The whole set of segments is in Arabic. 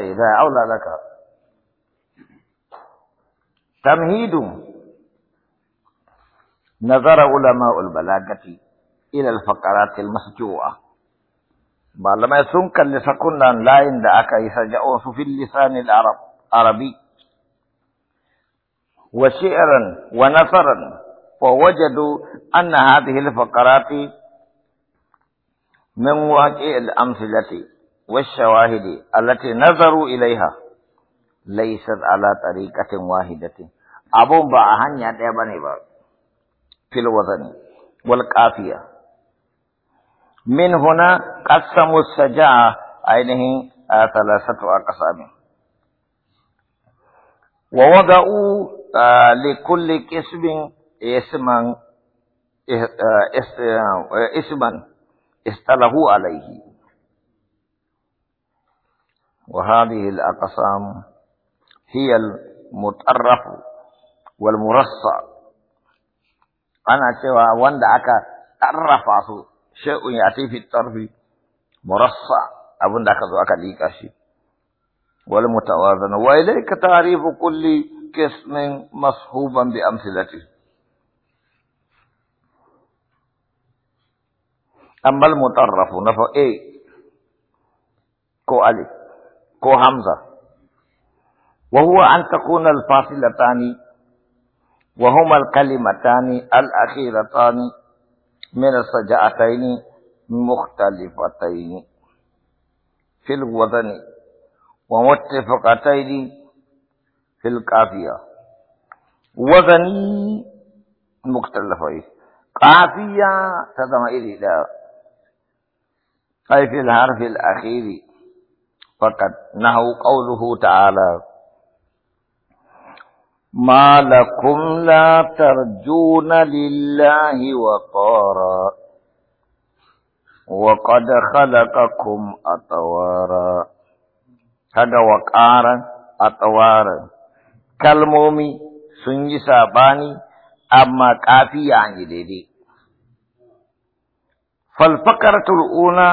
الولد إذا أولى لك تمهيد نظر علماء البلاغة إلى الفقرات المسجوعة بعلما يسنك لسكنا لا يندعك يسجعوه في اللسان العرب عربي وشعرا ونثرا ووجدوا أن هذه الفقرات من واقع الأمثلة والشواهد التي نظروا إليها ليست على طريقة واحدة أبو بأهن يتبني في الوزن والقافية من هنا قسموا السجاعة عينه ثلاثة أقسام ووضعوا لكل قسم اسما اسما اصطلحوا عليه وهذه الأقسام هي المتعرف والمرصع أنا سوى وان دعك تعرف شيء يأتي في الطرف مرصع أبن دعك ذوك ليك أشي والمتوازن وإليك تعريف كل قسم مصحوبا بأمثلته أما المتعرف نفع إيه كو ألف کو حمزہ وہو ان تكون الفاصلتان وهما الكلمتان الاخيرتان من السجعتين مختلفتين في الوزن ومتفقتين في القافيه وزن مختلفين قافيه تضمئن الى اي في الحرف الاخير فقد نهوا قوله تعالى ما لكم لا ترجون لله وقارا وقد خلقكم أطوارا هذا وقارا أطوارا كالمومي sun yi saɓani amma kafiya ne daidai. Falfakaratul una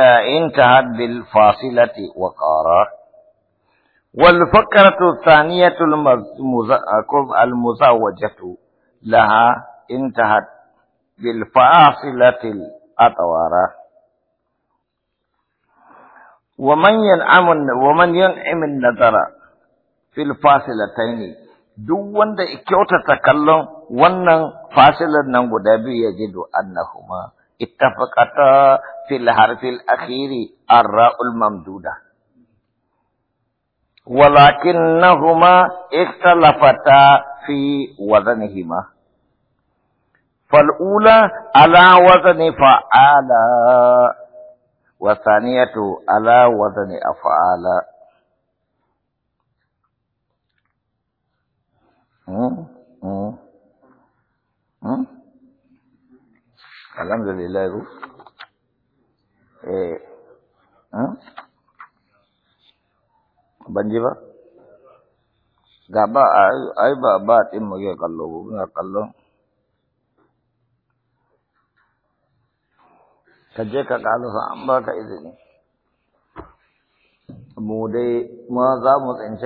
انتهت بالفاصلة وقارا والفكرة الثانية المزوجة لها انتهت بالفاصلة الأطوارة ومن ينعم ومن ينعم النظر في الفاصلتين دو wanda kyautata kallon wannan fasilar nan guda biyu ya ji اتفقتا في الحرف الأخير الراء الممدودة ولكنهما اختلفتا في وزنهما فالأولى على وزن فعالا والثانية على وزن أفعالا الحمد لله إيه. ها بنجيبا gaba ai ba ba din mu ke kallo muna kallon ka je ka kalu an baka izini mu dai ma za mu tsinci